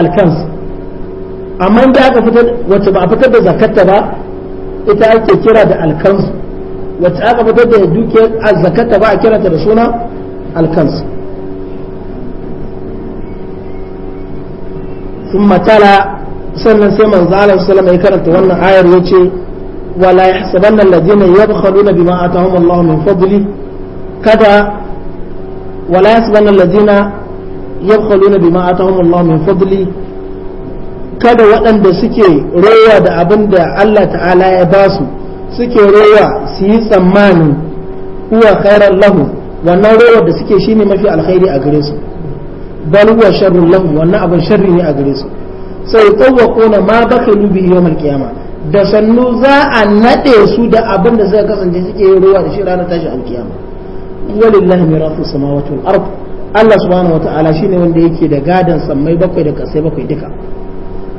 alkans amma inda aka fitar wacce ba a fitar da zakatta ba ita ake kira da alkans wacce aka fitar da dukiyar zakatta ba a kiranta da suna alkans sun matala sannan sai manzo Allah sallallahu alaihi karanta wannan ayar yace wala yahsabanna alladhina yabkhaluna bima atahum Allah min fadli kada wala yahsabanna alladhina yabkhaluna bima atahum Allah min fadli kada waɗanda suke rowa da abin da Allah ta'ala ya ba su suke rowa su yi tsammanin huwa khairan lahu wannan rowa da suke shine mafi alkhairi a gare su bal huwa sharrun lahu wannan abin sharri ne a gare su sai tawwaquna ma bakhilu bi yawmal qiyamah da sannu za a nade su da abin da suka kasance suke rowa da shi ranar tashi alkiyama walillahi mirasu samawati wal ardh Allah subhanahu wata'ala shine wanda yake da gadon sammai bakwai da kasai bakwai duka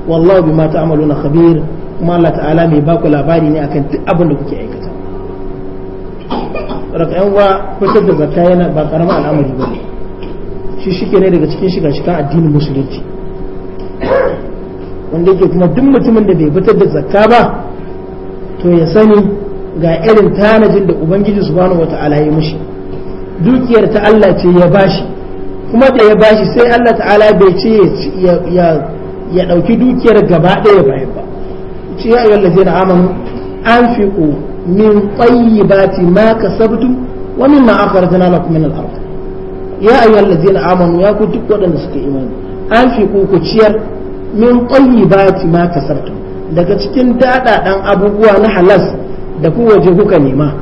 wallahu bima ta'maluna khabir kuma Allah ta'ala mai baku labari ne akan duk abin da kuke aikata raka yan uwa fitar da zakka yana ba karamar al'amari bane shi shike ne daga cikin shiga shiga addinin musulunci wanda yake kuma duk mutumin da bai fitar da zakka ba to ya sani ga irin tanajin da ubangiji subhanahu wata'ala ya mishi dukiyar ta Allah ce ya bashi kuma da ya bashi sai Allah ta'ala bai ce ya ɗauki dukiyar gaba ɗaya ya ba ce ya ayyuhal ladzina amanu anfiqu min ti ma kasabtum aka mimma akhrajna lakum min na ardh ya ayyuhal ladzina amanu ya ku duk waɗanda suka imani fi ku ciyar min ti ma sabtu daga cikin daɗaɗan abubuwa na halas da ku waje kuka nema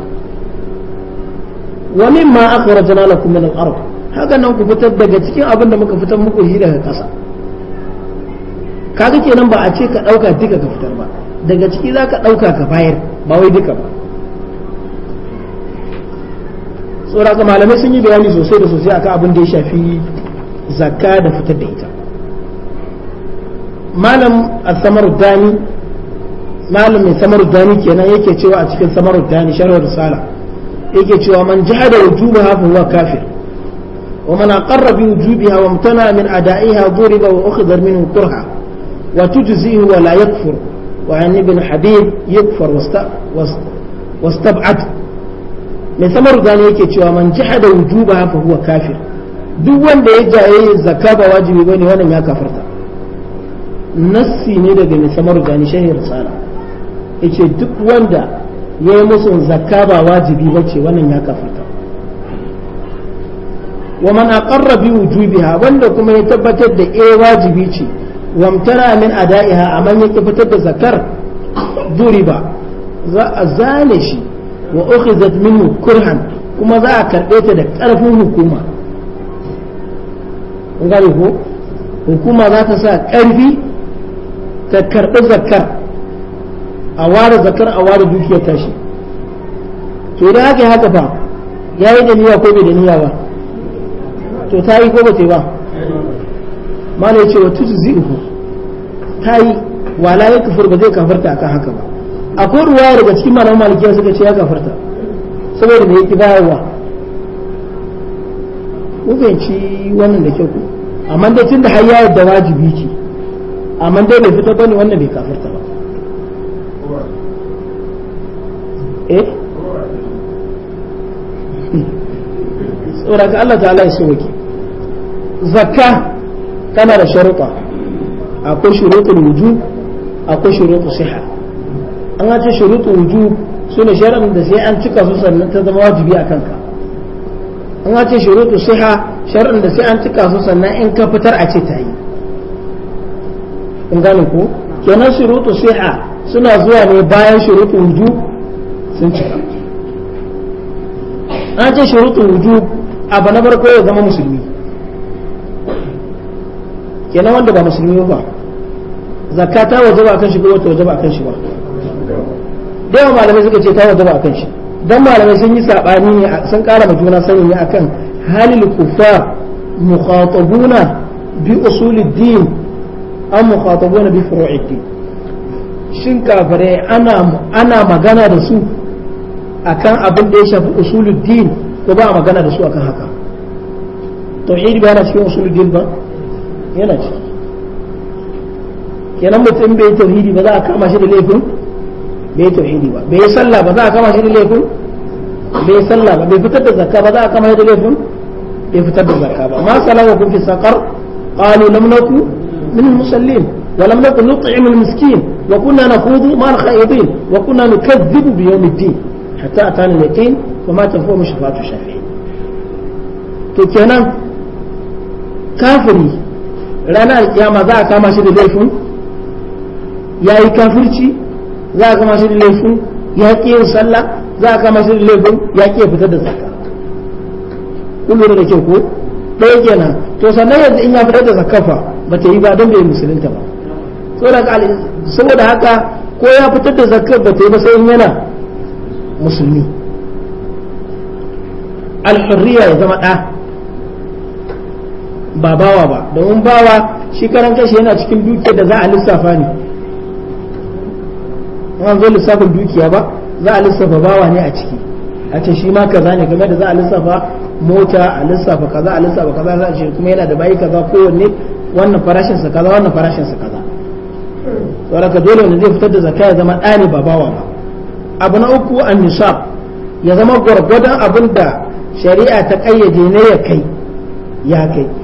wani aka mimma akhrajna lakum min na ardh haka nan ku fitar daga cikin abin da muka fitar muku shi daga ƙasa kaga kenan ba a ce ka ɗauka duka ka fitar ba daga ciki za ka ɗauka ka bayar ba wai duka ba tsora ga malamai sun yi bayani sosai da sosai akan abin da ya shafi zakka da fitar da ita malam asamar dani malam mai samar dani kenan yake cewa a cikin samar dani sharar risala yake cewa man jihada wujuba hafa huwa kafir ومن أقر بوجودها وامتنى من أدائها ضرب وأخذ منه كرها وتجزئه ولا يكفر وعن ابن حبيب يكفر واستبعد من ثمر ذلك ومن جحد وجوبها فهو كافر دوان دي جاي زكاة واجب يقول وانا ما كفرت نسي ندق من ثمر ذلك شهر رسالة يقول دوان دي يمسون زكاة واجب يقول وانا ما كفرت wa man aqarra bi wanda kuma ya tabbatar da eh wajibi ce wamtara min a ada'iha amman ya fitar da zakar duriba za a zane shi wa ukhizat minhu kurhan kuma za a karbe ta da karfin hukuma kun hukuma za ta sa ƙarfi ta karbi zakar a ware zakar a ware dukiyar tashi to idan haka haka fa yayi da niyya ko bai da niyya ba to ta yi ko ba ta yi ba mana ya ce wa ta yi wala ya kafir ba zai kafarta akan haka ba akwai ruwa daga cikin malaman malikiya suka ce ya kafarta saboda da ki bayarwa ubanci wannan da kyau amma dai da har ya yadda wajibi ce amma dai bai fitar bane wannan bai kafarta ba eh saboda Allah ta'ala ya sauke zakka tana da sharuɗa akwai shuruɗul wuju akwai shuruɗul siha an ce shuruɗul wuju su ne da sai an cika su sannan ta zama wajibi a kanka an ce shuruɗul siha sharuɗin da sai an cika su sannan in ka fitar a ce ta yi in gane ko kenan shuruɗul siha suna zuwa ne bayan shuruɗul wuju sun cika an ce shuruɗul wuju abu na farko ya zama musulmi kenan wanda ba musulmi ba zakka ta waje ba akan shi ko wata ba akan shi ba da yawa malamai suka ce ta waje ba akan shi dan malamai sun yi sabani ne sun kara ma juna sani ne akan halil kuffar mukhatabuna bi usulid din am mukhatabuna bi furu'id din shin kafare ana ana magana da su akan abin da ya shafi usulul ko ba a magana da su akan haka tauhid ba yana cikin usulul din ba yana ci kenan mutum bai tauhidi ba za a kama shi da laifin bai tauhidi ba bai sallah ba za a kama shi da laifin bai sallah ba bai fitar da zakka ba za a kama shi da laifin bai fitar da zakka ba ma salawa kun fi saqar qalu lam naku min musallin wa lam naku nut'imu al-miskin wa kunna nakhudu ma al-khaidin wa kunna nukazzibu bi yawm ad-din hatta atana al-yaqin wa ma tanfa'u shafa'atu shafi'in to kenan kafiri ranar alkiyama za a kama shi da laifin ya yi kafirci za a kama shi da laifin ya ƙi yin sallah za a kama shi da laifin ya ƙi fitar da zakka kun da kyau ko ɗaya kenan to sannan yanzu in ya fitar da zakka fa ba ta yi ba don bai musulunta ba saboda haka ko ya fitar da zakka ba ta yi ba sai in yana musulmi al ya zama ɗa ba bawa ba domin bawa shi karan kashi yana cikin dukiyar da za a lissafa ne an zo lissafin dukiya ba za a lissafa bawa ne a ciki a ce shi ma kaza ne game da za a lissafa mota a lissafa kaza a lissafa kaza za a ce kuma yana da bayi kaza kowanne wannan farashin sa kaza wannan farashin sa kaza saboda dole ne zai fitar da zakka ya zama dani ba bawa ba abu na uku an nisab ya zama gwargwadon abin da shari'a ta kayyade ne ya kai ya kai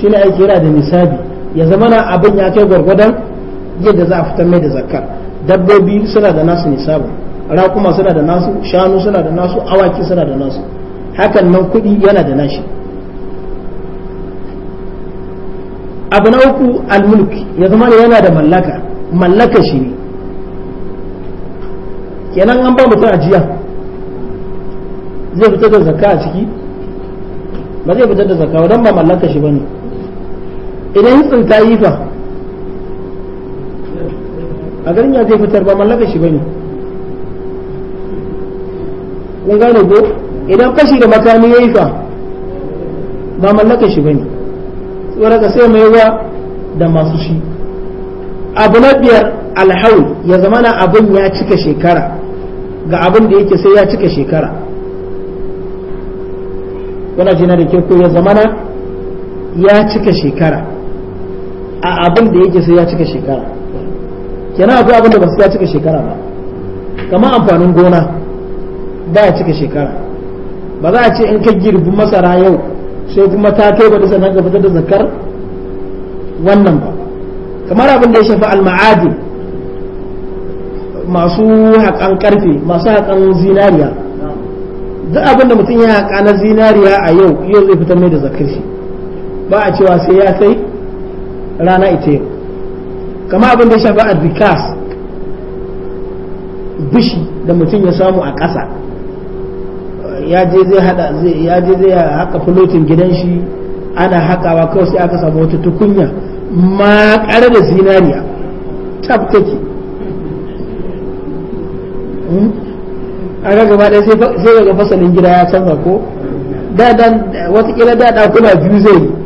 shi ne aiki yana da nisabi ya zama na abin ya kai gwargwadon yadda za a fitar mai da zakar dabbobi suna da nasu nisabi raƙuma suna da nasu shanu suna da nasu awaki suna da nasu hakan nan kuɗi yana da nashi abu na uku almulki ya zama ne yana da mallaka mallaka shi ne kenan an ba mutum ajiya zai fitar da zakka a ciki ba zai fitar da zakka don ba mallaka shi ba ne idan ya tsinta yi fa a garin ya zai fitar ba mallaka shi bane kun gane ko idan kashi da makami ya yi fa ba mallaka shi bane tsoron ka sai mai wa da masu shi abu na biyar alhaul ya zamana abin ya cika shekara ga abin da yake sai ya cika shekara kuna jina da ke ko ya zamana ya cika shekara a abin da yake sai ya cika shekara kenan akwai abin da ba sai ya cika shekara ba kamar amfanin gona ba ya cika shekara ba za a ce in ka girbi masara yau sai kuma ta kai ba da sannan ka fitar da zakar wannan ba kamar abin da ya shafi al-ma'adi masu haƙan karfe masu haƙan zinariya duk abin da mutum ya haƙa na zinariya a yau yau zai fitar mai da zakar shi ba a cewa sai ya kai rana ita yau kama abin da ya shafi addikas bishi da mutum ya samu a ƙasa ya je zai hada zai ya je zai haka fulotin gidan shi ana hakawa kawai sai aka samu wata tukunya kare da zinariya tab take hmm? aka gaba ɗaya sai ga fasalin gida ya canza ko da dan watakila da kuma biyu zai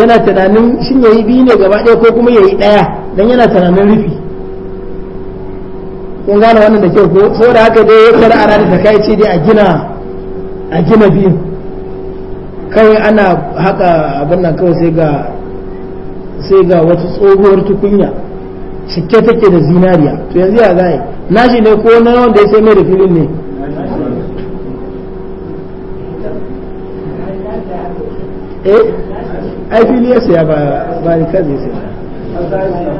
yana tunanin shin yayi biyu ne gaba ɗaya ko kuma yayi ɗaya dan yana tunanin rufi kun gane wannan da kyau ko da haka dai ya kar ana da kai ce dai a gina a gina biyu kawai ana haka abin nan kawai sai ga sai ga wata tsohuwar tukunya cike take da zinariya to yanzu ya zai nashi ne ko na wanda ya sai mai da filin ne eh ai fili ya saya ba rika zai saya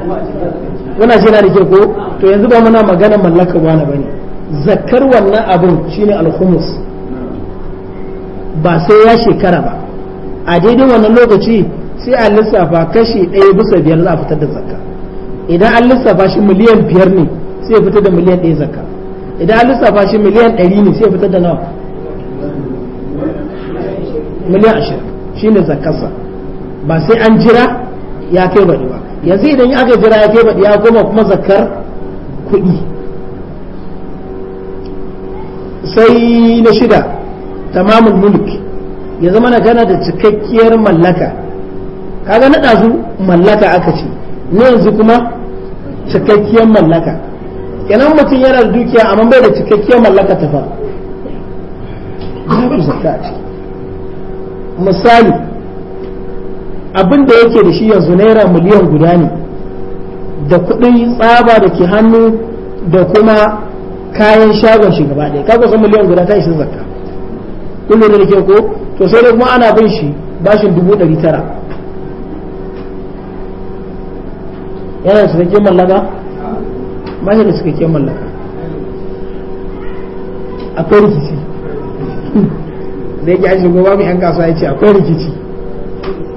wana shi na rike ko to yanzu ba muna magana mallaka wani ba ne zakar wannan abin shine alhumus ba sai ya shekara ba a daidai wannan lokaci sai a lissafa kashi ɗaya bisa biyar za a fitar da zakka idan an lissafa shi miliyan biyar ne sai fitar da miliyan ɗaya zakka idan an lissafa shi miliyan ɗari ne sai fitar da nawa miliyan ashirin shine zakkarsa ba sai an jira ya kai baɗi ba yanzu idan aka jira ya kai baɗi ya goma kuma zakar kuɗi sai na shida tamamin mulk ya zama na gana da cikakkiyar mallaka kaga na ɗazu mallaka aka ce na yanzu kuma cikakkiyar mallaka kenan mutum yana da dukiya amma bai da cikakkiyar mallaka ta fa misali abin da yake da shi yanzu naira miliyan guda ne da kuɗin tsaba da ke hannu da kuma kayan shagon shi gaba ɗaya kaga san miliyan guda ta isa zakka kun da ke ko to sai dai kuma ana bin shi bashin dubu ɗari tara yana su kake mallaka bashi da suka ke mallaka akwai rikici Zai yake ashe gobe mu yan kasuwa ya ce akwai rikici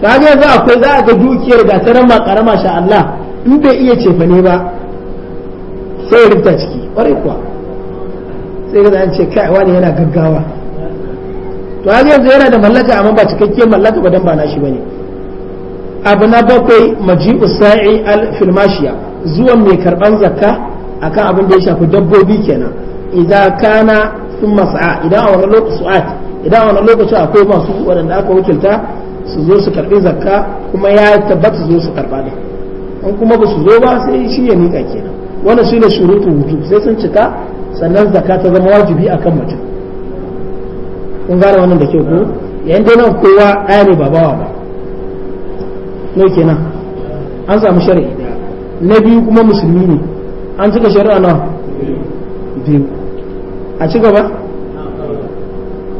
ta ga yanzu akwai za a ga dukiyar ga ta rama karama sha Allah in bai iya cefa ne ba sai rubuta ciki ƙwarai kuwa sai ga an ce kai wani yana gaggawa to har yanzu yana da mallaka amma ba cikakken mallaka ba dan ba nashi bane abu na bakwai maji usai al filmashiya zuwan mai karban zakka akan abin da ya shafi dabbobi kenan idan kana sun masa'a idan a wani lokaci idan a wani lokaci akwai masu waɗanda aka wakilta su zo su karɓi zakka kuma ya tabbata zo su karɓa da in kuma ba su zo ba sai shi ya mika kenan wannan shine shurutu hutu sai sun cika sannan zakka ta zama wajibi akan mutum kun gane wannan da kyau ko yayin da nan kowa ɗaya ne babawa ba no kenan an samu shari'i na biyu kuma musulmi ne an cika shari'a nawa biyu a ci gaba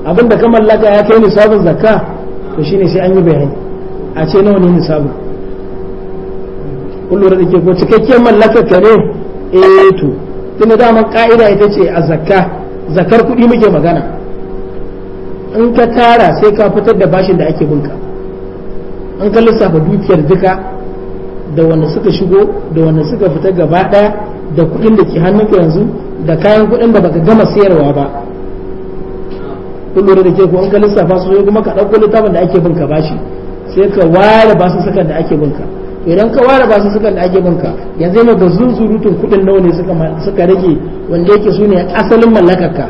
abinda ka mallaka ya kai nisabin zakka to shine sai an yi bayani a ce nawa ne nisabin kun da ke ko cikakken mallakar ka ne eh to tunda daman ka'ida ita ce a zakka zakar kuɗi muke magana in ka tara sai ka fitar da bashin da ake binka in ka lissafa dukiyar duka da wanda suka shigo da wanda suka fita gaba ɗaya da kuɗin da ke hannunka yanzu da kayan kuɗin da baka gama sayarwa ba kun lura da ke ko an ka lissafa su kuma ka ɗauko littafin da ake binka bashi sai ka ware ba su sakan da ake binka to idan ka ware ba su sukan da ake binka yanzu ne da surutun kudin nawa ne suka rage wanda yake sune asalin mallakarka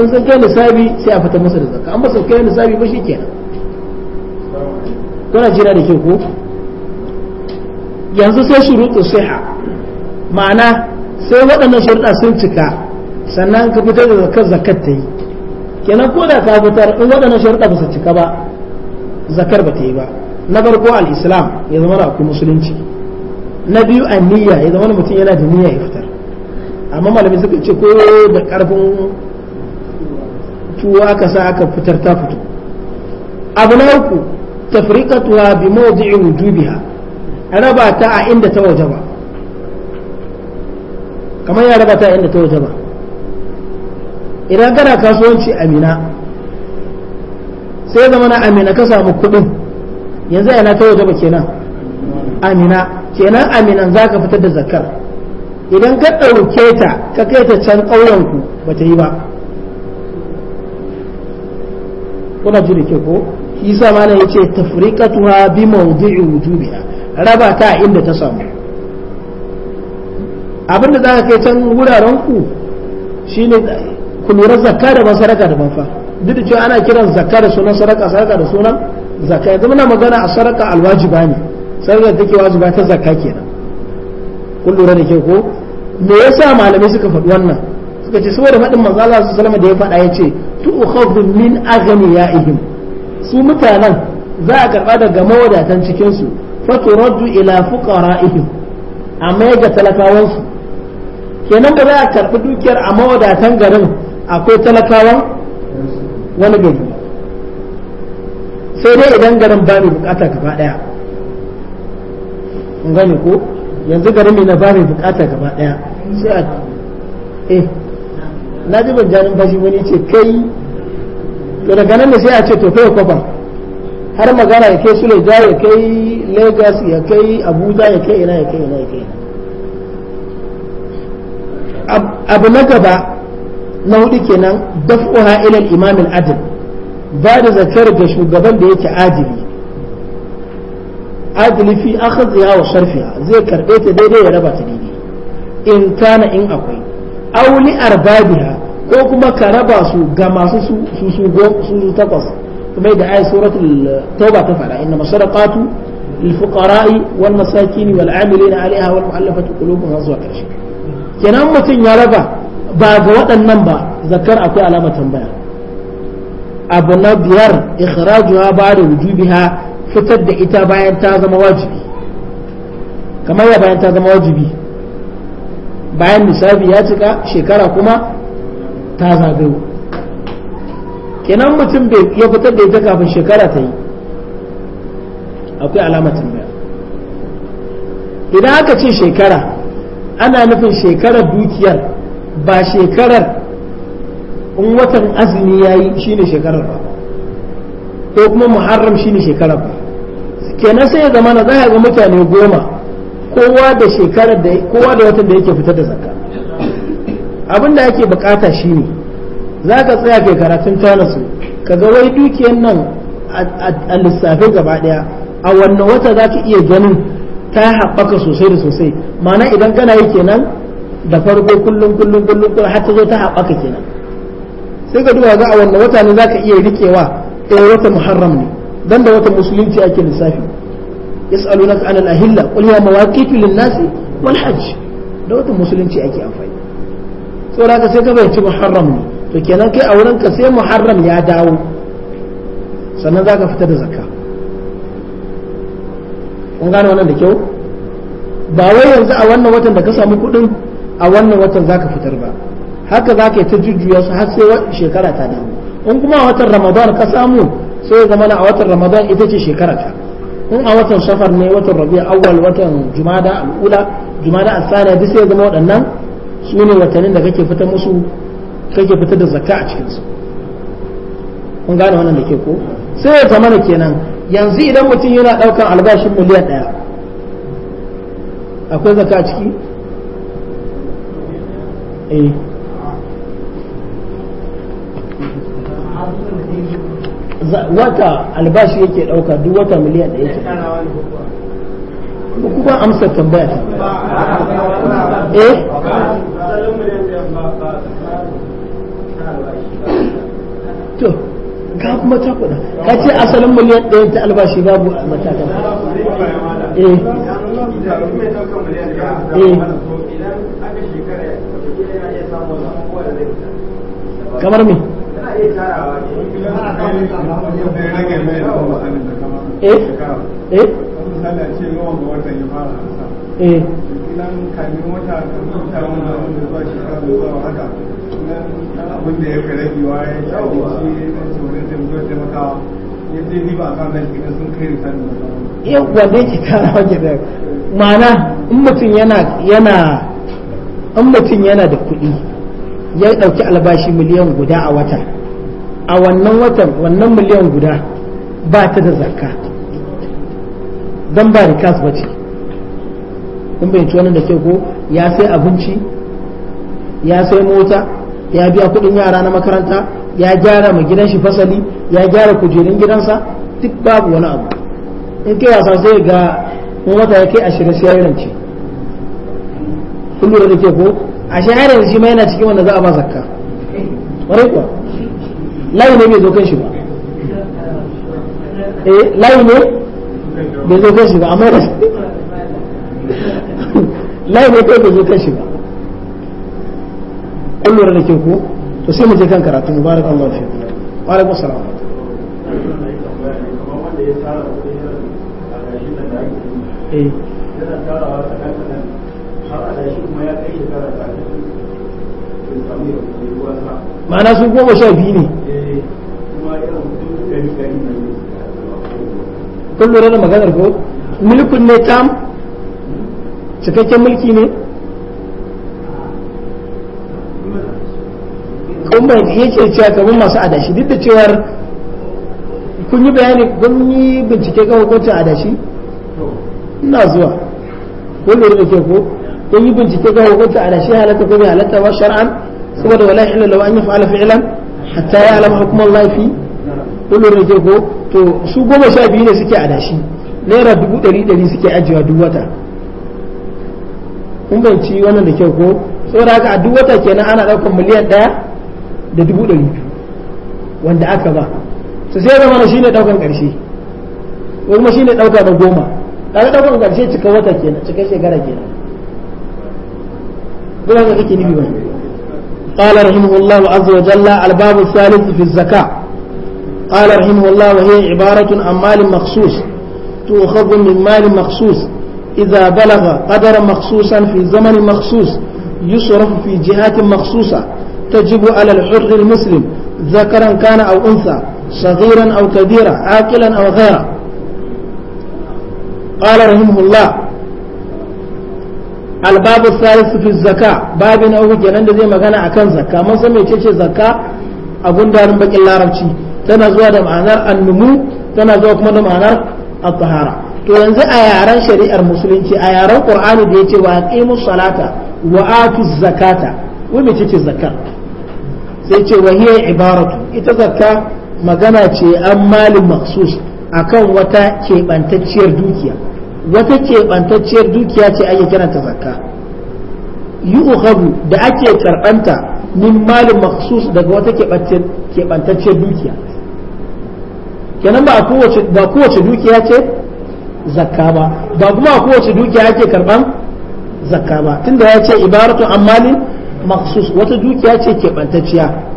in sun kai lissafi sai a fita masa da zakka an ba su kai lissafi ba shikenan kuna jira da ke ko yanzu sai surutun siha ma'ana sai waɗannan sharuɗa sun cika sannan ka fitar da zakkar zakkar ta yi kenan ko da ka fitar in waɗannan sharuɗa ba su cika ba zakar ba ta yi ba na farko al-islam ya zama na akwai musulunci na biyu niyya ya zama mutum yana da niyya ya fitar amma malami suka ce ko da karfin tuwa aka sa aka fitar ta fito abu na uku tafriqatuha bi mawdi'in wujubiha raba ta a inda ta wajaba kamar ya raba ta a inda ta idan kana kasuwanci amina sai zama na amina ka samu kuɗin yanzu yana ta wajaba kenan amina kenan aminan za ka fitar da zakar idan ka ɗauke ta ka kai ta can ƙauyenku ba ta yi ba kuna ji da ke ko isa mana ya ce tafriqatuha bi mawdi'i wujubiha raba ta inda ta samu abinda za ka kai can wuraren ku shine ku lura zakka da ban sadaka da ban fa duk da cewa ana kiran zakka da sunan sadaka sadaka da sunan zakka yanzu muna magana a sadaka alwajiba ne sadaka take wajiba ta zakka kenan kun lura da ke ko me yasa malamai suka faɗi wannan suka ce saboda faɗin manzo Allah su alaihi da ya faɗa ya ce tu'khadhu min aghniyaihim su mutanen za a karɓa daga mawadatan cikin su faturaddu ila fuqara'ihim amma ga talakawansu kenan ba za a karɓi dukiyar a mawadatan garin akwai talakawa wani gari sai dai idan garin ba mai bukata gaba daya in gane ko yanzu garin mai na ba mai bukata gaba daya sai a eh na ji ban janin bashi wani ce kai to daga nan da sai a ce to kai kwafa har magana ya kai suleja ya kai lagos ya kai abuja ya kai ina ya kai ina ya kai abu na gaba na hudu kenan daf'uha ila al-imam al-adl ba da zakar ga shugaban da yake adili adili fi akhdhiha wa sarfiha zai karbe ta daidai ya raba ta daidai in kana in akwai aw li arbabiha ko kuma ka raba su ga masu su su go su takwas kuma da ayat suratul tauba ta fara inna masadaqatu lil fuqara'i wal masakin wal 'amilina 'alayha wal mu'allafati qulubuhum zuwa kenan mutum ya raba ba ga waɗannan ba zakar akwai alamar tambaya abu na biyar ikhrajuha ba da wujubiha fitar da ita bayan ta zama wajibi kamar ya bayan ta zama wajibi bayan misali ya cika shekara kuma ta zagayo kenan mutum bai ya fitar da ita kafin shekara ta yi akwai alamar tambaya idan aka ce shekara ana nufin shekarar dukiyar ba shekarar in watan azumi ya yi shi ne shekarar ba ko kuma muharram shi ne shekarar ba kenan sai ya zama na za ga mutane goma kowa da shekarar da kowa da watan da yake fitar da zakka abin da ake bukata shi ne za ka tsaya ke karatun tanasu ka ga wai dukiyar nan a lissafe gaba daya a wannan wata za ka iya ganin ta haɓaka sosai da sosai mana idan kana yi kenan da farko kullum kullum kullum kullum har ta zo ta haɓaka kenan sai ka duba ga a wannan wata ne zaka iya rikewa eh wata muharram ne dan da wata musulunci ake lissafi yas'alunaka anil ahilla qul ya mawaqitu lin-nasi wal hajj da wata musulunci ake amfani saboda haka sai ka bai ci muharram ne to kenan kai a wurin ka sai muharram ya dawo sannan zaka fita da zakka kun gane wannan da kyau ba wai yanzu a wannan watan da ka samu kuɗin a wannan watan zaka fitar ba haka zaka yi ta jujjuya su har sai shekara ta dawo in kuma a watan ramadan ka samu sai zama a watan ramadan ita ce shekara ta in a watan safar ne watan rabi'a awwal watan jumada al'ula jumada asana duk sai zama waɗannan su ne watannin da kake fitar musu kake fitar da zakka a cikin su kun gane wannan da ke ko sai ya zama kenan yanzu idan mutum yana ɗaukar albashin miliyan ɗaya akwai zakka a ciki Eh. wata albashi yake dauka duk wata miliyan ɗaya ke kuma amsa tambaya ta eh to ka kuma ta kuɗa ka ce asalin miliyan ɗaya ta albashi babu matakan eh eh kamar me eh eh eh na yau wanda yake kara ma'ana in mutum yana in mutum yana da kuɗi ya ɗauki albashi miliyan guda a wata a wannan watan wannan miliyan guda ba ta da zakka don ba kas ba ce kun bayyanci wannan da ke ko ya sai abinci ya sai mota ya biya kuɗin yara na makaranta ya gyara ma gidan shi fasali ya gyara kujerun gidansa duk babu wani abu in kai wasa sai ga wata ya kai ashirin sai ya rance kun da ke ko a shi har yanzu shi ma yana cikin wanda za a ba zakka ƙwarai kuwa layi ne bai zo kan shi ba eh layi ne bai zo kan shi ba amma layi ne bai zo kan shi ba kun lura da ke ku to sai mu je kan karatu mubarak Allah fi wa alaikum salam eh ma'ana sun goma sha biyu ne kun lura da maganar ko mulkin ne tam cikakken mulki ne kun bai yake cewa kamar masu adashi duk da cewa kun yi bayani kun yi bincike kan hukuncin adashi ina zuwa kun lura da ke ko kun yi bincike kan hukuncin adashi halatta ko bai halatta ba shar'an saboda wala illa law an yaf'ala fi'lan hatta ya'lama hukm Allah fi ulul ko to su goma sha biyu ne suke adashi naira dubu ɗari ɗari suke ajiyewa duk wata kun ci wannan da kyau ko saboda haka a duk wata kenan ana ɗaukar miliyan ɗaya da dubu ɗari wanda aka ba su sai zama na shine ɗaukan ƙarshe ko kuma shine ɗauka na goma kaga ɗaukan ƙarshe cika wata kenan cika shekara kenan dole ka kake nufi ba قال رحمه الله عز وجل الباب الثالث في الزكاة قال رحمه الله وهي عبارة عن مال مخصوص تؤخذ من مال مخصوص إذا بلغ قدرا مخصوصا في زمن مخصوص يصرف في جهات مخصوصة تجب على الحر المسلم ذكرا كان أو أنثى صغيرا أو كبيرا عاقلا أو غيرا قال رحمه الله albabu salisu fi zakka babu na uku kenan da zai magana akan zakka mun san mece ce zakka a gundarin bakin larabci tana zuwa da ma'anar annumu tana zuwa kuma da ma'anar at-tahara to yanzu a yaran shari'ar musulunci a yaran qur'ani da yace wa aqimu salata wa atu zakata wai mece ce zakka sai ce wa hiya ibaratu ita zakka magana ce an malin maksus akan wata keɓantacciyar dukiya wata keɓantacciyar dukiya ce ake kiranta zakka yi uhabu da ake karɓanta min malin maksus daga wata keɓantacciyar dukiya kenan ba a ba kowace dukiya ce zakka ba ba kuma kowace dukiya ake karɓan zakka ba tunda ya ce ibaratu an malin maksus wata dukiya ce keɓantacciya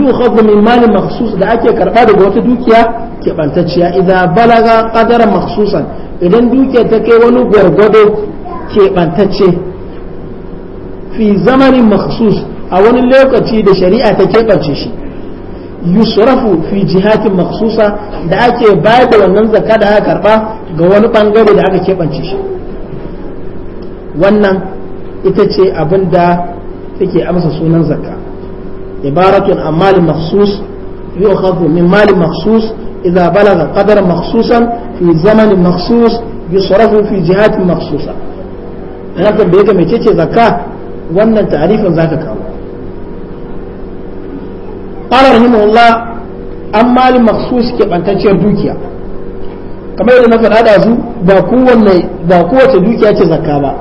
yukhadhu min malin makhsus da ake karba daga wata dukiya keɓantacciya idan balaga qadara makhsusan idan dukiya ta kai wani gwargwado kebantacce fi zamanin makhsus a wani lokaci da shari'a ta keɓance shi yusrafu fi jihatin makhsusa da ake bayar da wannan zakka da aka karba ga wani bangare da aka keɓance shi wannan ita ce abin da take amsa sunan zakka ibaratun an malin maksus yu'khadhu min malin maksus idza balagha qadar maksusan fi zamanin maksus yusrafu fi da maksusa ana tambaye ka mecece zakka wannan ta'arifin zaka kawo قال رحمه الله an mali maksus keɓantacciyar dukiya kamar yadda na faɗa da su ba kowace dukiya ce zakka ba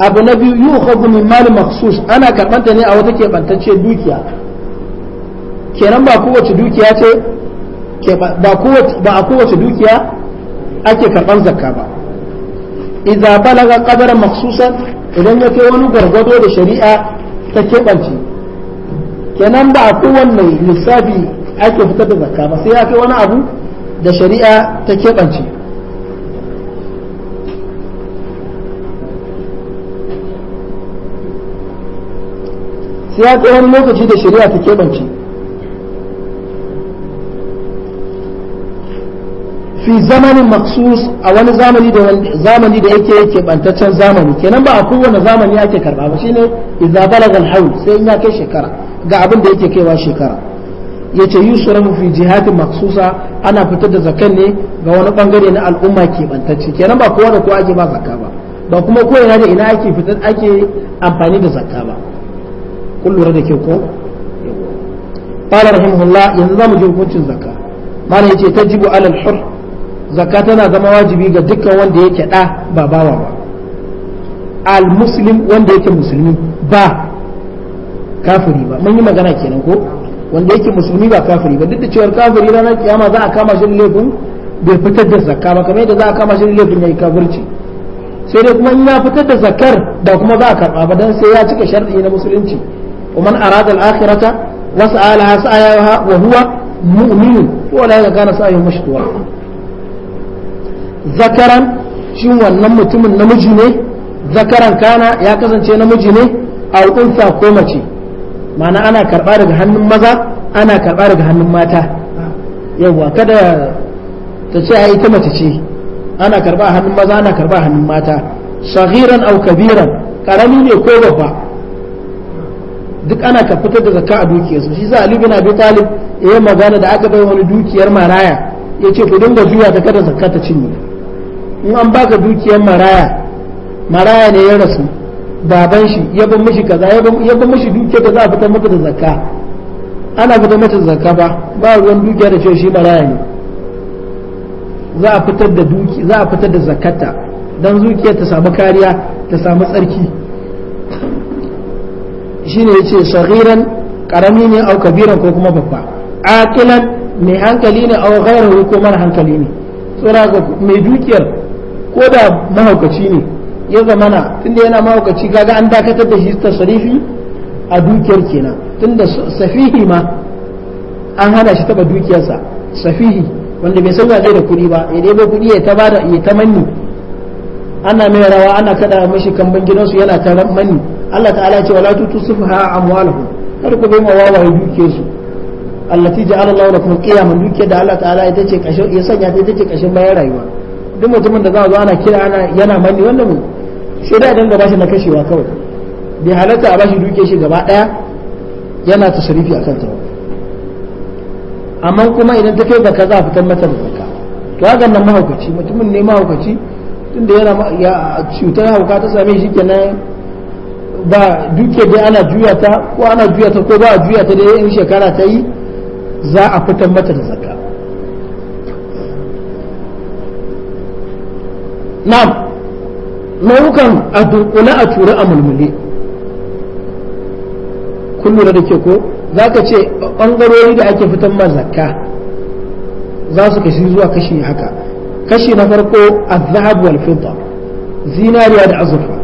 abu na biyu yi yukhadhu min mali maksus ana karɓanta ne a wata keɓantacce dukiya kenan ba kowace dukiya ce ba a kowace dukiya ake karɓan zakka ba idza balaga qadara maksusan idan ya kai wani gwargwado da shari'a ta keɓance kenan ba a kowanne lissafi ake fitar da zakka ba sai ya kai wani abu da shari'a ta keɓance sai ya kai lokaci da shari'a ta keɓance fi zamanin maksus a wani zamani da zamani da yake keɓantaccen zamani kenan ba a kowane zamani ake karɓa ba shine idza balagal haul sai in ya kai shekara ga abin da yake kaiwa shekara yace yusrafu fi jihati maksusa ana fitar da zakan ne ga wani bangare na al'umma keɓantacce kenan ba kowa da kowa ake ba zakka ba ba kuma ko ina da ina ake fitar ake amfani da zakka ba kun lura da kyau ko qala rahimahullah yanzu zamu ji hukuncin zakka malam yace tajibu alal hur zakka tana zama wajibi ga dukkan wanda yake da ba bawa ba al muslim wanda yake musulmi ba kafiri ba mun yi magana kenan ko wanda yake musulmi ba kafiri ba duk da cewa kafiri ranar kiyama za a kama shi laifin bai fitar da zakka ba kamar yadda za a kama shi laifin yayi kafirci sai dai kuma in ya fitar da zakkar da kuma za a karba ba dan sai ya cika sharadi na musulunci ومن أراد الآخرة وسعى لها سعيها وهو مؤمن فأولئك كان سعيهم مشكورا ذكرا شو wannan mutumin namiji ne zakaran kana ya kasance namiji ne a unsa ko mace ma'ana ana karba daga hannun maza ana karba daga hannun mata yawwa kada ta ce ai ta mace ana karba a hannun maza ana karba a hannun mata saghiran aw karami ne ko babba duk ana ka fitar da zakka a dukiyarsu shi sa Ali bin Abi Talib yayin magana da aka bai wani dukiyar maraya yace ku dinga juya ta kada zakka ta cinye in an baka dukiyar maraya maraya ne ya rasu baban shi ya bar mishi kaza ya bar mishi dukiyar da za a fitar maka da zakka ana fitar mata zakka ba ba ruwan dukiya da cewa shi maraya ne za a fitar da duki za a fitar da zakkata dan zuciyar ta samu kariya ta samu tsarki shine yace saghiran karami ne au kabiran ko kuma babba aqilan mai hankali ne au ghairu ko mara hankali ne tsora ga mai dukiyar ko da mahaukaci ne ya zamana tunda yana mahaukaci kaga an dakatar da shi ta sarifi a dukiyar kenan tunda safihi ma an hana shi taba dukiyarsa safihi wanda bai san zai da kuɗi ba ya ɗebo kuɗi ya ta bada ya ta ana mai rawa ana kada mashi kamban gidansu yana ta manni Allah ta'ala ce wala tutu sufha amwalahum kar ku bai ma wawaye duke su allati ja'ala Allah lakum qiyaman duke da Allah ta'ala ya tace kashe ya sanya ta ita ce bayan rayuwa duk mutumin da za a zo ana kira ana yana mani wannan sai da dan bashi na kashewa kawai bi halatta a bashi duke shi gaba daya yana tasarifi akan ta amma kuma idan ta kai ga kaza fitar mata da zakka to hakan nan mahaukaci mutumin ne mahaukaci tunda yana ya cutar hauka ta same shi kenan ba duke dai ana juya ta ko ana juya ta ko ba a juya ta dai in shekara ta yi za a fitar mata da zakka Na nau'ukan a dunkule a tura a mulmule kun lura da ke ko za ka ce ɓangarori da ake fitar ma zakka za su kashi zuwa kashi haka kashi na farko a zahabu wal fidda zinariya da azurfa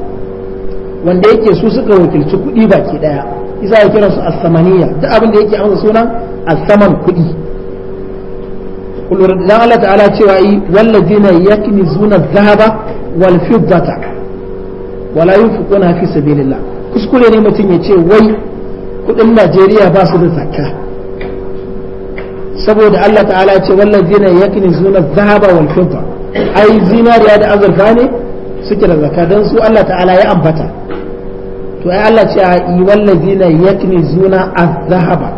wanda yake su suka wakilci kuɗi baki ɗaya isa ya kiransu as-samaniya duk abin da yake amsa sunan as-saman kuɗi kullum da Allah ta'ala cewa yi wallazina yaknizuna zahaba wal fiddata wala yunfiquna fi sabilillah kuskure ne mutum ya ce wai kuɗin Najeriya ba su da zakka saboda Allah ta'ala ce wallazina yaknizuna zahaba wal fidda ai zinariya da azurfa ne suke da zakka dan su Allah ta'ala ya ambata to ai Allah ce a yi yakni zuna a zahaba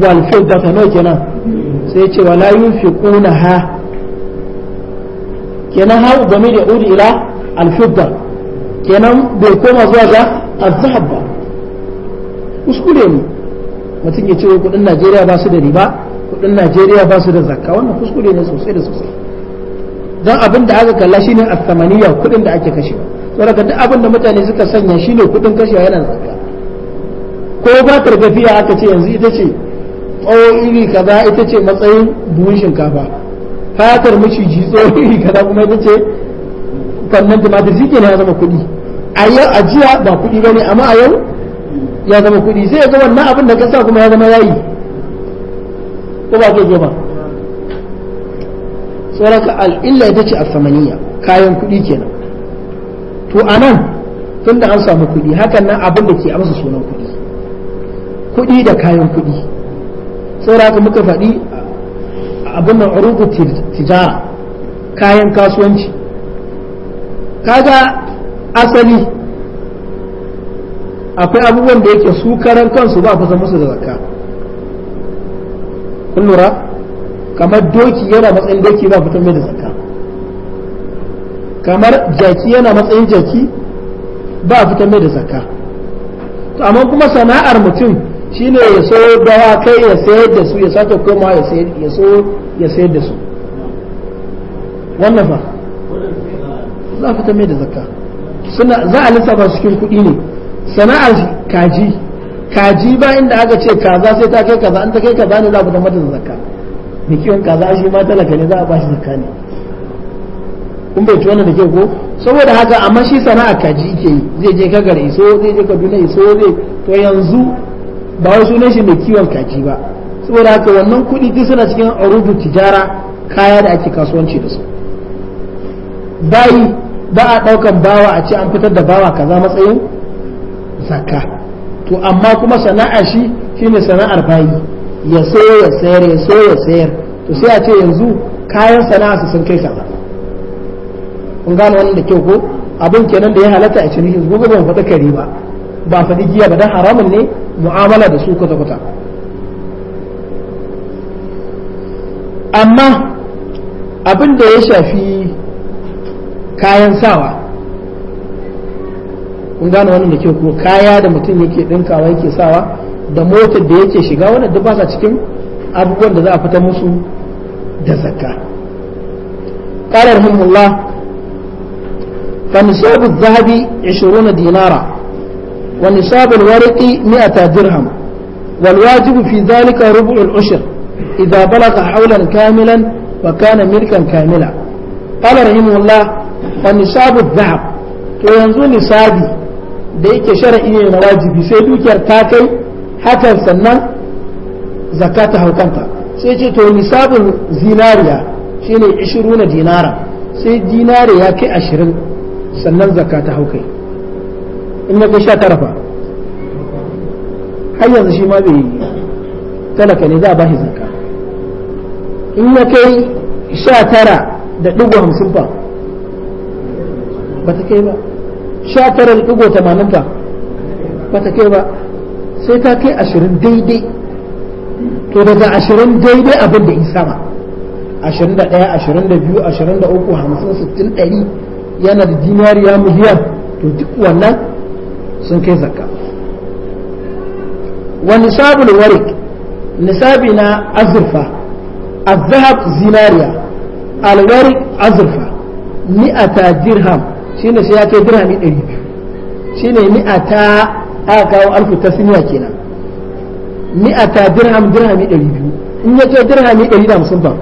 wal fiddata no kenan sai ce wala kuna ha kenan ha gami da udi ila al kenan bai koma zuwa ga az-zahab ba kuskure ne mutum ya ce kudin Najeriya ba su da riba kudin Najeriya ba su da zakka wannan kuskure ne sosai da sosai dan abin da aka kalla shine a samaniya kudin da ake kashewa saboda duk abin da mutane suka sanya shine kudin kashewa yana zakka ko ba targafiya aka ce yanzu ita ce tsawo iri kaza ita ce matsayin buhun shinkafa fatar maciji tsawo iri kaza kuma ita ce kannan tumatir shi ne ya zama kuɗi a yau a jiya ba kuɗi ba ne amma a yau ya zama kuɗi sai ya zama na abin da kasa kuma ya zama yayi ko ba ke ba ka al'illa ita ce a samaniya kayan kuɗi kenan to anan tun da an samu kuɗi hakan nan abin da ke amsa sunan kuɗi kuɗi da kayan kuɗi sai haka muka faɗi abin da uruku tijara kayan kasuwanci kaga asali akwai abubuwan da yake su karan kansu ba fasa musu da zakka kun lura kamar doki yana matsayin doki ba fitan mai da zakka kamar jaki yana matsayin jaki ba a fitar mai da zakka to amma kuma sana'ar mutum shine ya so dawa kai ya sayar da su ya sake koma ya so ya sayar da su wannan fa za a fitar mai da zakka za a lissafa cikin kuɗi ne sana'ar kaji kaji ba inda aka ce kaza sai ta kai kaza an ta kai kaza ne za a fitar mata da zakka mikiyon kaza shi ma talaka ne za a ba shi zakka ne kun bai wannan da ke ko saboda haka amma shi sana'a kaji ke zai je kagar iso zai je kaduna iso zai to yanzu ba wai sunan shi mai kiwon kaji ba saboda haka wannan kuɗi duk suna cikin arudu tijara kaya da ake kasuwanci da su bai ba a ɗaukan bawa a ce an fitar da bawa kaza matsayin zakka to amma kuma sana'a shi shine sana'ar bayi ya sayo ya sayar ya sayo ya sayar to sai a ce yanzu kayan sana'a su sun kai kaza kun gane wannan da kyau ko abin kenan da ya halatta a cikin hizbu ba ban fata kare ba ba faɗi giya ba dan haramun ne mu'amala da su kwata kwata amma abin da ya shafi kayan sawa kun gane wannan da kyau ko kaya da mutum yake ɗinkawa yake sawa da motar da yake shiga wannan duk ba sa cikin abubuwan da za a fita musu da zakka qala rahimullah فنصاب الذهب عشرون دينارا ونصاب الورق مئة درهم والواجب في ذلك ربع العشر إذا بلغ حولا كاملا وكان ملكا كاملا قال رحمه الله ونصاب الذهب وينزو نصابي da yake shara ne na wajibi sai dukiyar ta kai hakan sannan zakka ta sai ce to nisabin zinariya shine 20 dinara sai dinariya kai ashirin. sannan zakka ta haukai in ya kai sha tara fa har yanzu shi ma bai yi talaka ne za a bashi zakka in ya kai sha tara da ɗigo hamsin fa ba ta kai ba sha tara da ɗigo tamanin fa ba ta kai ba sai ta kai ashirin daidai to daga ashirin daidai abin da isa ba ashirin da ɗaya ashirin da biyu ashirin da uku hamsin sittin ɗari yana da ya miliyan to duk wannan sun kai zakka wa nisabul warik nisabi na azurfa azhab zinariya alwarik azurfa mi'ata dirham shine sai ya kai dirhami 200 shine mi'ata aka kawo alfu tasniya kenan mi'ata dirham dirhami 200 in ya kai dirhami 150 ba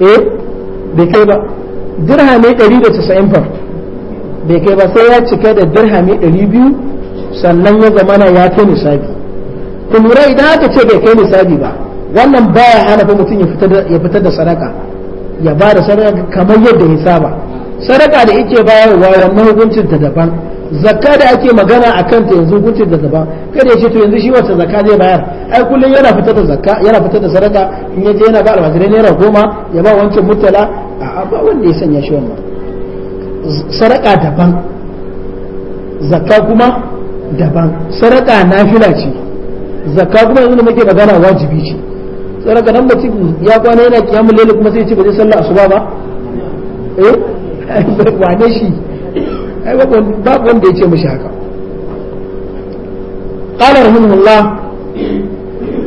eh bai kai ba dirhami 190 fa bai kai ba sai ya cika da dirhami 200 sannan ya na ya kai nisabi ku lura idan aka ce bai kai nisabi ba wannan baya hana fa mutum ya fitar da sadaka ya ba da sadaka kamar yadda ya saba sadaka da yake bayarwa wannan hukuncin ta daban zakka da ake magana a kanta yanzu hukuncin da daban kada ya ce to yanzu shi wata zakka zai bayar ai kullum yana fitar da zakka yana fitar da sadaka in ya je yana ba almajirai naira goma ya ba wancan mutala a'a ba wanda ya sanya shi wannan sarƙa daban zakka kuma daban sarƙa nafila ce zakka kuma yanzu da muke magana wajibi ce sarƙa nan mutum ya kwana yana kiyamun lele kuma sai ce ba zai sallah asuba ba eh wane shi ai ba wanda ya ce mishi haka qala rahimahullah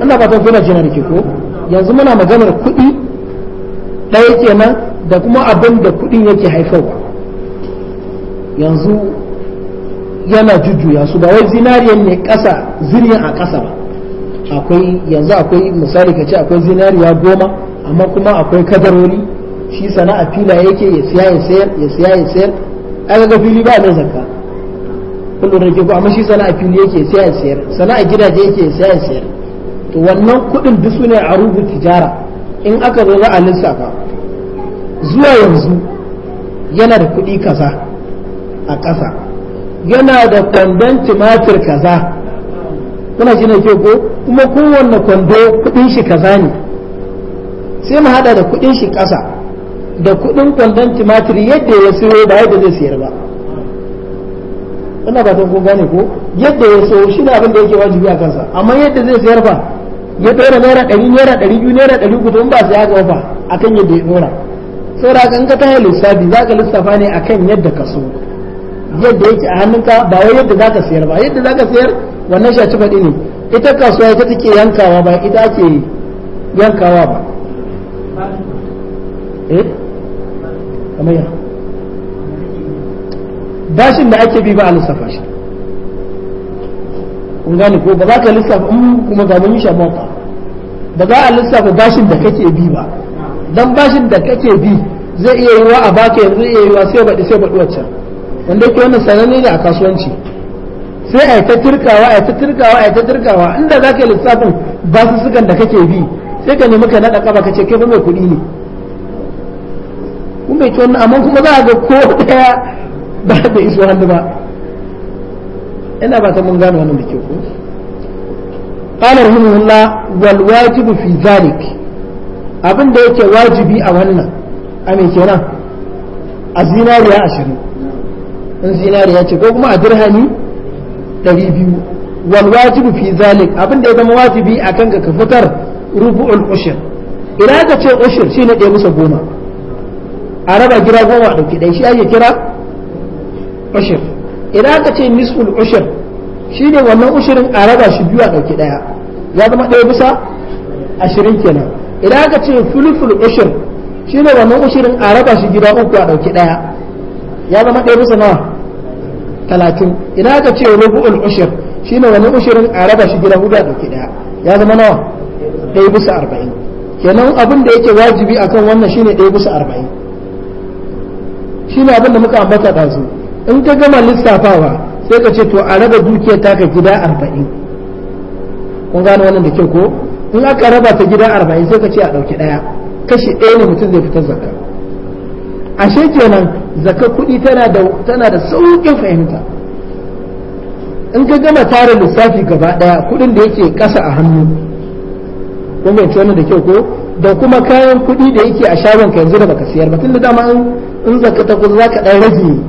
ina fatan kuna jina da ke ko yanzu muna maganar kuɗi ɗaya kenan da kuma abin da kuɗin yake haifarwa yanzu yana jujjuya su ba wai zinariyan ne ƙasa zirin a ƙasa ba akwai yanzu akwai misali ka ce akwai zinariya goma amma kuma akwai kadarori shi sana'a fila yake ya siya ya sayar ya siya ya sayar aka ga fili ba da zakka kullum da ke ko amma shi sana'a fili yake ya siya ya sayar sana'a gidaje yake ya siya ya sayar to wannan kuɗin duk su ne a rubu tijara in aka zo za a lissafa zuwa yanzu yana da kuɗi kaza a ƙasa yana da kwandon tumatir kaza kuna shi ke ko kuma kowanne kwando kuɗin shi kaza ne sai mu haɗa da kuɗin shi ƙasa da kuɗin kwandon tumatir yadda ya siyo ba yadda zai siyar ba ina ba ko gane ko yadda ya so shi ne abin da yake wajibi a kansa amma yadda zai siyar ba ya dora naira ɗari naira ɗari biyu naira ɗari uku don ba sai ya ba akan yadda ya dora saboda kan ka tayi lissafi za ka lissafa ne kan yadda ka so yadda yake a hannunka ba wai yadda za ka sayar ba yadda za ka sayar wannan shaci faɗi ne ita kasuwa ita take yankawa ba ita ake yankawa ba eh kamar ya bashin da ake bi ba a lissafa shi kun gane ko ba za ka lissafa kuma ga mun yi shabon ba ba za a lissafa bashin da kake bi ba dan bashin da kake bi zai iya yi wa a baka yanzu iya yi wa sai baɗi sai baɗi wacce wanda ke wannan sananne ne a kasuwanci sai a yi ta turkawa a yi ta turkawa a yi ta turkawa inda za ka yi lissafin basussukan da kake bi sai ka nemi ka naɗa ƙaba ka ce kai mai kuɗi ne kuma ke wannan amma kuma za a ga ko ɗaya ba da iso hannu ba ina ba ta mun gane wannan da ke ko قال رحمه الله والواجب في ذلك abin da yake wajibi a wannan a me kenan a zinariya ashirin in zinariya ce ko kuma a dirhami ɗari biyu wal wajibu fi zalik abin da ya zama wajibi a kan ka fitar rubu'ul ushir Ina ka ce ushir shine ɗaya musa goma a raba gira goma ɗauki ɗaya shi ake kira ushir Ina ka ce nisful ushir shine wannan ushirin a raba shi biyu a ɗauki ɗaya ya zama ɗaya bisa ashirin kenan idan aka ce fulful ushur shi ne wannan ushirin a raba shi gida uku a ɗauki ɗaya ya zama ɗaya bisa nawa talatin idan aka ce rubu'ul ushur shi ne wannan ushirin a raba shi gida uku a ɗauki ɗaya ya zama nawa ɗaya bisa arba'in kenan abin da yake wajibi akan wannan shine ɗaya bisa arba'in shine abin da muka ambata ɗazu in ka gama lissafawa sai ka ce to a raba dukiyar taka gida arba'in kun gane wannan da kyau ko in aka raba ta gida arba'in sai ka ce a ɗauki ɗaya kashi ɗaya ne mutum zai fitar zakka ashe kenan zakka kuɗi tana da tana da sauƙin fahimta in ka gama tara lissafi gaba ɗaya kuɗin da yake ƙasa a hannu kun bai wannan da kyau ko da kuma kayan kuɗi da yake a shagon ka yanzu da baka siyar ba tunda dama in zakka ta kuɗi zaka ɗan rage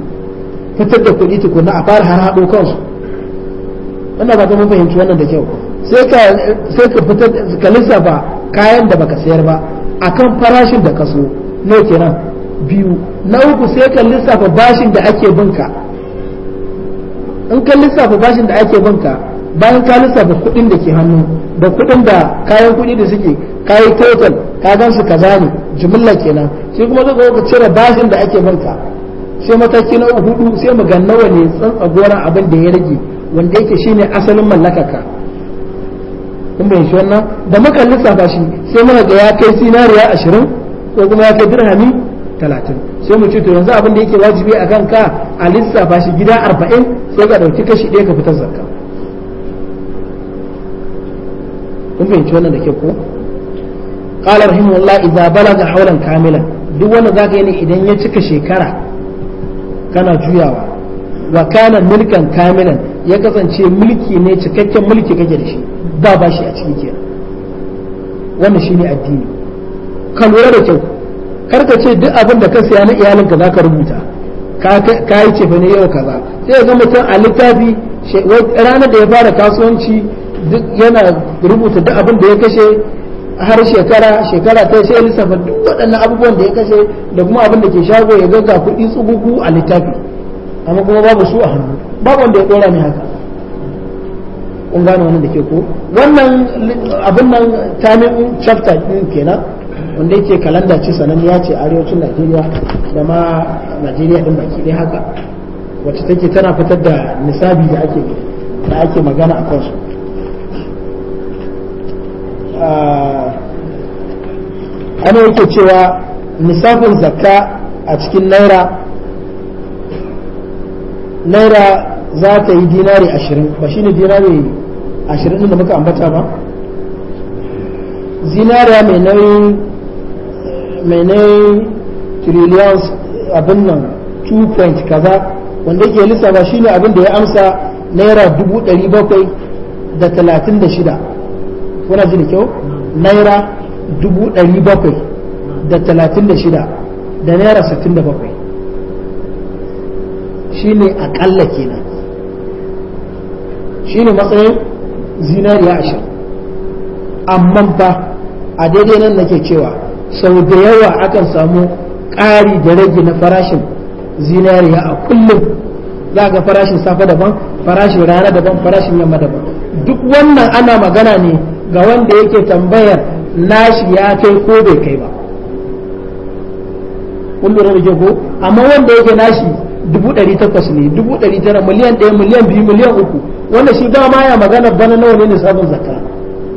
fitar da kuɗi tukuna a fara har haɗo kansu wannan ba ta mun fahimci wannan da kyau sai ka ka fitar ka lissafa kayan da baka sayar ba akan farashin da ka ne kenan biyu na uku sai ka lissafa bashin da ake binka in ka lissafa bashin da ake binka bayan ka lissafa kuɗin da ke hannu da kuɗin da kayan kuɗi da suke kayi total ka gan su kaza ne jumla kenan sai kuma zai ka cire bashin da ake binka sai mataki na uku hudu sai mu ga nawa ne tsantsa gona abin da ya rage wanda yake shine asalin mallakaka kun bai shi wannan da muka lissafa shi sai muna ga ya kai sinariya ashirin ko kuma ya kai dirhami talatin sai mu ce to yanzu abin da yake wajibi a kan ka a lissafa shi gida arba'in sai ka ɗauki kashi ɗaya ka fitar zakka kun shi wannan da ke ko قال رحمه الله إذا بلغ حولا كاملا duk wanda za ka yi ne idan ya cika shekara kana juyawa wa kana mulkan kamilan ya kasance mulki ne cikakken mulki kake da shi ba ba shi a cikin kenan wannan shi ne addini ka lura da kyau kar ka ce duk abin da ka siya na iyalinka za ka rubuta ka yi cefa ne yau kaza sai ya zama mutum a littafi ranar da ya fara kasuwanci yana rubuta duk abin da ya kashe har shekara shekara ta sai lissafa duk waɗannan abubuwan da ya kashe da kuma abin da ke shago ya gaga kuɗi tsugugu a littafi amma kuma babu su a hannu babu wanda ya ɗora ne haka kun gane wannan da ke ko wannan abin nan tamin chapter din kenan wanda yake kalanda ce sananniya ce arewacin Najeriya da ma Najeriya din baki dai haka wacce take tana fitar da nisabi da ake da ake magana a kansu ah, ana yake cewa nisafin zakka a cikin naira naira za ta yi dinari ashirin ba shi ne dinari ashirin da muka ambata ba zinariya mai nai mai nai trillions abin nan 2 kaza wanda yake lissafa shine abin da ya amsa naira dubu ɗari bakwai da talatin da shida ji da kyau naira dubu bakwai da talatin da shida da naira sittin da bakwai shi ne aƙalla kenan shi ne matsayin zinariya ashirin amma ba a daidai nan nake cewa sau da yawa akan samu ƙari da rage na farashin zinariya a kullum za ga farashin safe daban farashin rana daban farashin yamma daban duk wannan ana magana ne ga wanda yake tambayar nashi ya kai ko bai kai ba kun da ko amma wanda yake nashi dubu ɗari takwas ne dubu ɗari tara miliyan ɗaya miliyan biyu miliyan uku wanda shi ba ma ya magana bana nawa ne nisabin zakka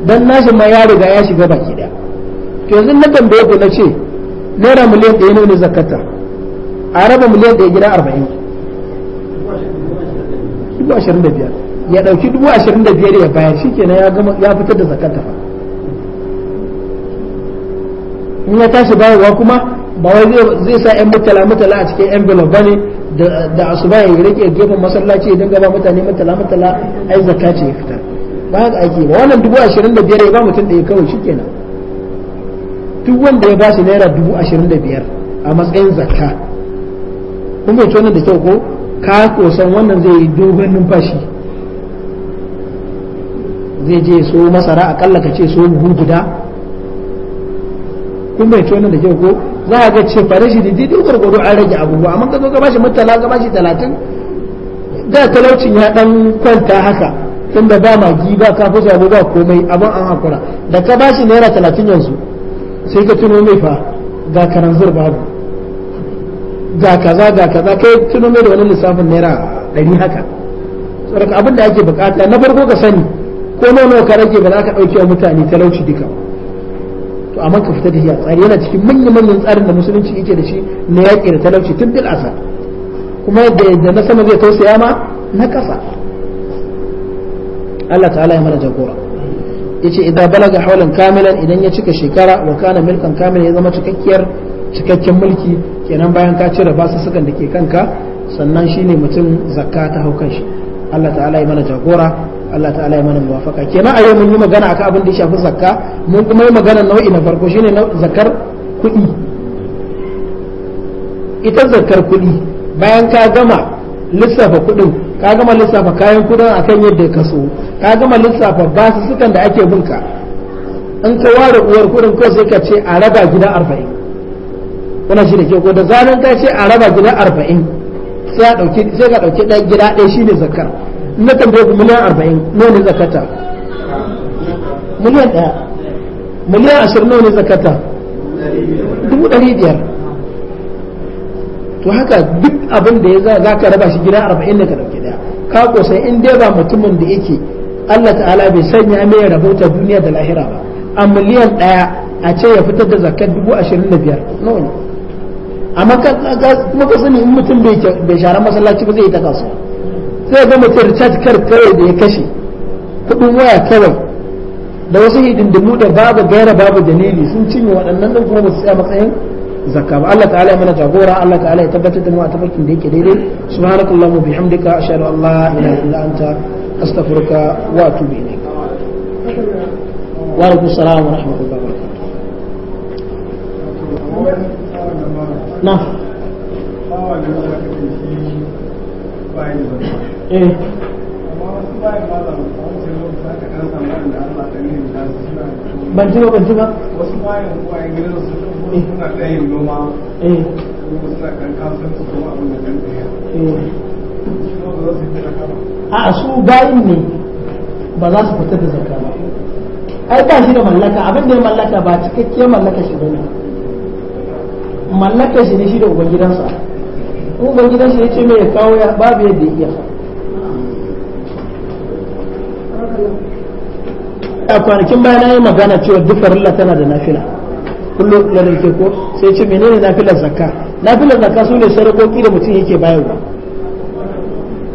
dan nashi ma ya riga ya shiga baki da to yanzu na tambaye ku na ce naira miliyan ɗaya ne zakata a raba miliyan ɗaya gida arba'in dubu ashirin da biyar ya ɗauki dubu ashirin da biyar ya bayar shi kenan ya gama ya fitar da zakata fa in ya tashi bayarwa kuma ba wai zai sa yan mutala mutala a cikin envelope bane da asuba ya rike gefen masallaci idan gaba mutane matala matala ai zakka ce ya fitar ba haka ake ba wannan dubu ashirin da biyar ya ba mutum ɗaya kawai kenan duk wanda ya shi naira dubu ashirin da biyar a matsayin zakka kun bai wannan da kyau ko ka kosan wannan zai yi dogon numfashi zai je so masara akalla ka ce so buhu guda kun bai wannan da kyau ko za a ga ce fara shi da daidai gwargwado an rage abubuwa amma ka zo ka bashi mutala ka bashi talatin da talaucin ya dan kwanta haka tunda ba magi ba ka fi jabo ba komai abin an hakura da ka bashi naira talatin yanzu sai ka tuno mai fa ga karanzir babu ga kaza ga kaza kai tuno mai da wani lissafin naira ɗari haka saboda abin da ake bukata na farko ka sani ko nono ka rage ba za ka ɗauke wa mutane talauci duka ba to amma ka fita da hiya a tsari yana cikin manya-manyan tsarin da musulunci yake da shi na yaƙi da talauci tun bil asa kuma da na sama zai tausaya ma na ƙasa Allah ta'ala ya mana jagora yace idan balaga hawlan kamilan idan ya cika shekara wa kana milkan kamilan ya zama cikakkiyar cikakken mulki kenan bayan ka cire basussukan da ke kanka sannan shine mutum zakka ta haukan shi Allah ta'ala ya mana jagora Allah ta'ala ya mana muwafaka kenan a yau mun yi magana akan abin da ya shafi zakka mun kuma yi magana nau'i na farko shine na zakar kuɗi ita zakar kuɗi bayan ka gama lissafa kuɗin ka gama lissafa kayan kuɗin akan yadda ka so ka gama lissafa basu sukan da ake ka in ka ware uwar kuɗin ko sai ka ce a raba gida arba'in wannan shi da ke ko da zanen ka ce a raba gida arba'in sai ka ɗauki ɗaya gida ɗaya shine zakar na tambaye ku miliyan arba'in nawa ne zakata miliyan ɗaya miliyan ashirin nawa ne zakata dubu ɗari biyar to haka duk abin da ya za ka raba shi gida arba'in ne ka ɗauki ɗaya ka kosa in dai ba mutumin da yake Allah ta'ala bai sanya mai rahota duniya da lahira ba a miliyan ɗaya a ce ya fitar da zakar dubu ashirin da biyar nawa ne amma kuma ka sani in mutum bai share masallaci ba zai yi ta kasuwa sai ga mutum recharge card kawai da ya kashe kudin waya kawai da wasu hidindimu da babu gaira babu dalili sun cinye waɗannan ɗin kuma ba su tsaya matsayin zakka ba Allah ta'ala ya mana jagora Allah ta'ala ya tabbatar da mu a tafarkin da yake daidai subhanakallahumma bihamdika ashhadu an la ilaha illa anta astaghfiruka wa atubu ilayk wa alaikum assalam wa rahmatullahi wa barakatuh na eh ban ji ba ban ji ba wasu bayan uwaye su suna ɗaya noma eh suna kuma abin da kan ɗaya a su bayin ne ba za su fitar da zakka ba ai ba shi da mallaka abin da ya mallaka ba cikakkiyar mallaka shi bane mallaka shi ne shi da ubangidansa uban gidan shi yace mai kawo ya babu yadda iya a kwanakin baya na yi magana cewa duk farilla tana da nafila kullum da rike ko sai ce menene nafilar zakka nafilar zakka su ne sarakoki da mutum yake bayarwa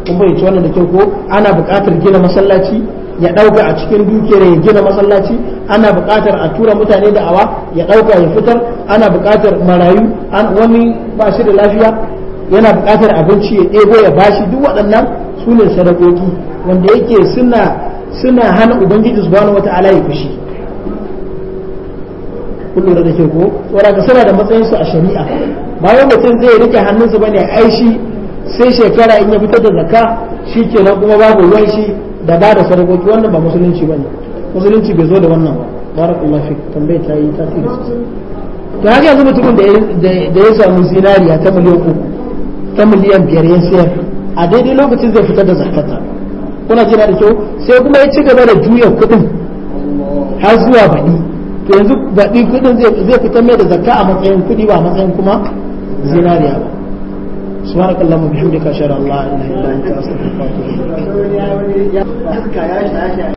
kun bai wannan da kyau ko ana buƙatar gina masallaci ya ɗauka a cikin dukiyar ya gina masallaci ana buƙatar a tura mutane da awa ya ɗauka ya fitar ana buƙatar marayu wani ba shi da lafiya yana buƙatar abinci ya ɗebo ya bashi duk waɗannan su ne sadakoki wanda yake suna suna hana ubangiji subhanahu wata'ala ya fushi kun da ke ko tsora ka suna da matsayin su a shari'a bayan mutum zai rike hannunsa bane aishi sai shekara in ya fitar da zakka shi nan kuma babu ruwan shi da ba da sadakoki wannan ba musulunci bane musulunci bai zo da wannan ba barakallahu fik tambayi ta yi tasiri sosai to haka yanzu mutumin da ya samu zinariya ta miliyan uku ta miliyan biyar ya sayar a daidai lokacin zai fitar da zakata kuna jira da kyau sai kuma ya ci gaba da juya kuɗin har zuwa baɗi to yanzu baɗi kuɗin zai fitar mai da zakka a matsayin kuɗi ba a matsayin kuma zinariya ba سبحانك اللهم وبحمدك اشهد ان لا اله الا انت استغفرك واتوب اليك